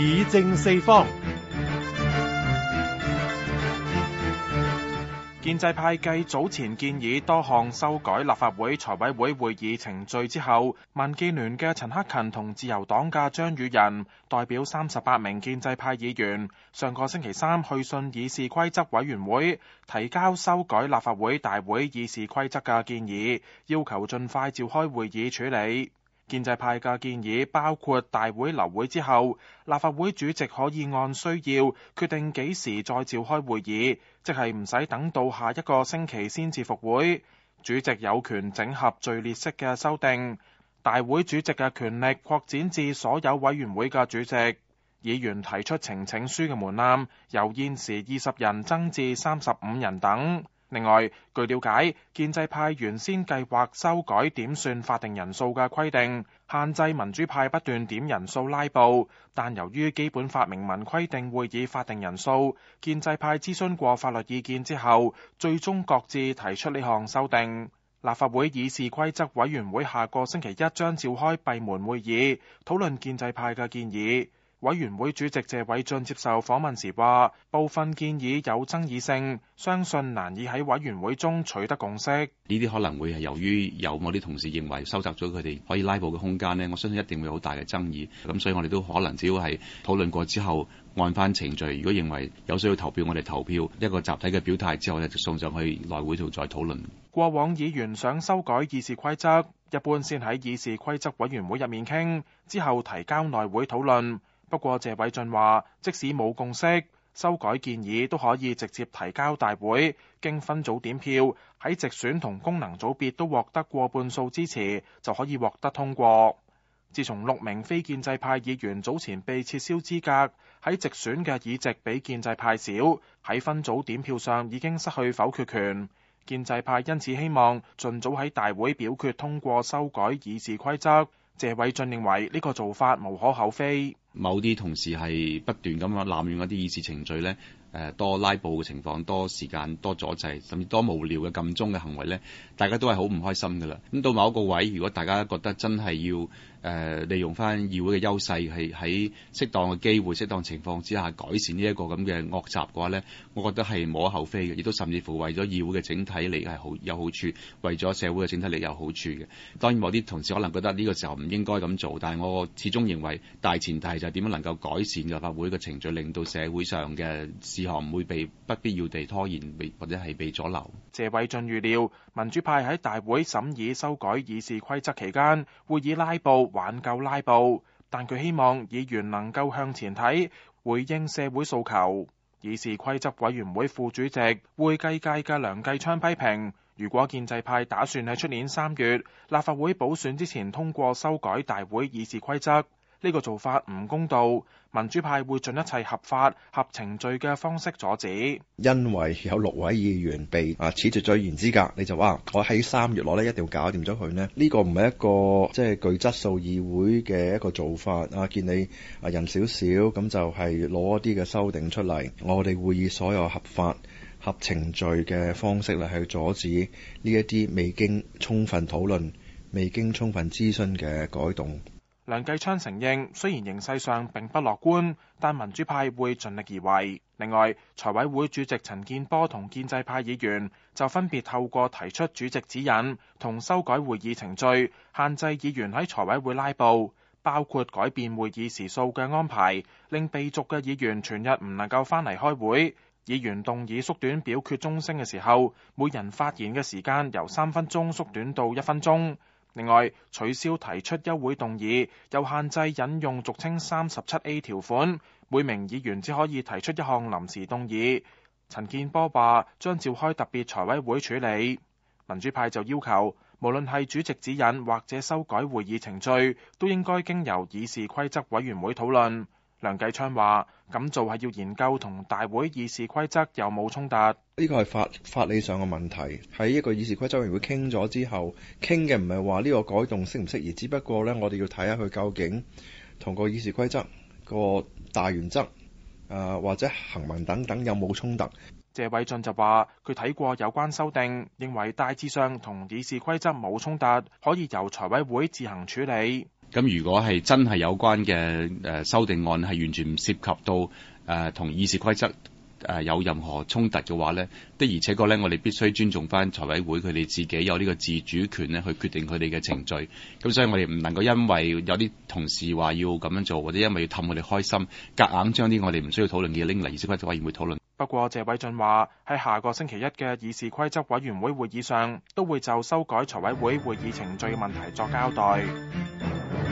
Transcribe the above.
議政四方。建制派繼早前建議多項修改立法會財委會會議程序之後，民建聯嘅陳克勤同自由黨嘅張宇人代表三十八名建制派議員，上個星期三去信議事規則委員會，提交修改立法會大會議事規則嘅建議，要求盡快召開會議處理。建制派嘅建議包括，大會流會之後，立法會主席可以按需要決定幾時再召開會議，即係唔使等到下一個星期先至復會。主席有權整合序列式嘅修訂。大會主席嘅權力擴展至所有委員會嘅主席。議員提出呈請書嘅門檻由現時二十人增至三十五人等。另外，據了解，建制派原先計劃修改點算法定人數嘅規定，限制民主派不斷點人數拉布。但由於基本法明文規定會議法定人數，建制派諮詢過法律意見之後，最終各自提出呢項修訂。立法會議事規則委員會下個星期一將召開閉門會議，討論建制派嘅建議。委員會主席謝偉俊接受訪問時話，部分建議有爭議性，相信難以喺委員會中取得共識。呢啲可能會係由於有某啲同事認為收集咗佢哋可以拉布嘅空間咧，我相信一定會好大嘅爭議。咁所以我哋都可能只要係討論過之後按返程序，如果認為有需要投票，我哋投票一個集體嘅表態之後咧，我就送上去內會度再討論。過往議員想修改議事規則，一般先喺議事規則委員會入面傾，之後提交內會討論。不過，謝偉俊話，即使冇共識，修改建議都可以直接提交大會，經分組點票，喺直選同功能組別都獲得過半數支持，就可以獲得通過。自從六名非建制派議員早前被撤銷資格，喺直選嘅議席比建制派少，喺分組點票上已經失去否決權，建制派因此希望盡早喺大會表決通過修改議事規則。謝偉俊認為呢個做法無可厚非，某啲同事係不斷咁樣濫用一啲議事程序咧。誒多拉布嘅情況，多時間，多阻滯，甚至多無聊嘅撳鐘嘅行為咧，大家都係好唔開心噶啦。咁到某一個位，如果大家覺得真係要誒、呃、利用翻議會嘅優勢，係喺適當嘅機會、適當情況之下改善呢一個咁嘅惡習嘅話呢，我覺得係無可厚非嘅，亦都甚至乎為咗議會嘅整體利益係好有好處，為咗社會嘅整體嚟有好處嘅。當然某啲同事可能覺得呢個時候唔應該咁做，但係我始終認為大前提就係點樣能夠改善立法會嘅程序，令到社會上嘅。事項唔會被不必要地拖延，被或者係被阻留。謝偉俊預料民主派喺大會審議修改議事規則期間，會以拉布挽救拉布，但佢希望議員能夠向前睇，回應社會訴求。議事規則委員會副主席、會計界嘅梁繼昌批評，如果建制派打算喺出年三月立法會補選之前通過修改大會議事規則。呢個做法唔公道，民主派會盡一切合法合程序嘅方式阻止。因為有六位議員被啊褫奪議員資格，你就話我喺三月攞呢一定要搞掂咗佢咧。呢、呢個唔係一個即係、即係、具質素議會嘅一個做法。啊，見你啊人少少，咁就係攞啲嘅修訂出嚟。我哋會以所有合法合程序嘅方式嚟去阻止呢一啲未經充分討論、未經充分諮詢嘅改動。梁繼昌承認，雖然形勢上並不樂觀，但民主派會盡力而為。另外，財委會主席陳建波同建制派議員就分別透過提出主席指引同修改會議程序，限制議員喺財委會拉布，包括改變會議時數嘅安排，令被逐嘅議員全日唔能夠返嚟開會。議員動議縮短表決鐘聲嘅時候，每人發言嘅時間由三分鐘縮短到一分鐘。另外，取消提出休會動議，又限制引用俗稱三十七 A 條款，每名議員只可以提出一項臨時動議。陳建波話將召開特別財委會處理。民主派就要求，無論係主席指引或者修改會議程序，都應該經由議事規則委員會討論。梁繼昌話：咁做係要研究同大會議事規則有冇衝突，呢個係法法理上嘅問題。喺一個議事規則委員會傾咗之後，傾嘅唔係話呢個改動適唔適宜，只不過咧，我哋要睇下佢究竟同個議事規則個大原則，誒、呃、或者行文等等有冇衝突。謝偉俊就話：佢睇過有關修訂，認為大致上同議事規則冇衝突，可以由財委會自行處理。咁如果係真係有關嘅誒修訂案，係完全唔涉及到誒、呃、同議事規則誒有任何衝突嘅話呢。的而且確咧，我哋必須尊重翻，財委會佢哋自己有呢個自主權咧，去決定佢哋嘅程序。咁所以，我哋唔能夠因為有啲同事話要咁樣做，或者因為要氹我哋開心，夾硬將啲我哋唔需要討論嘅嘢拎嚟，議事規則委員會討論。不過謝偉，謝偉俊話，喺下個星期一嘅議事規則委員會會議上，都會就修改財委會會議程序嘅問題作交代。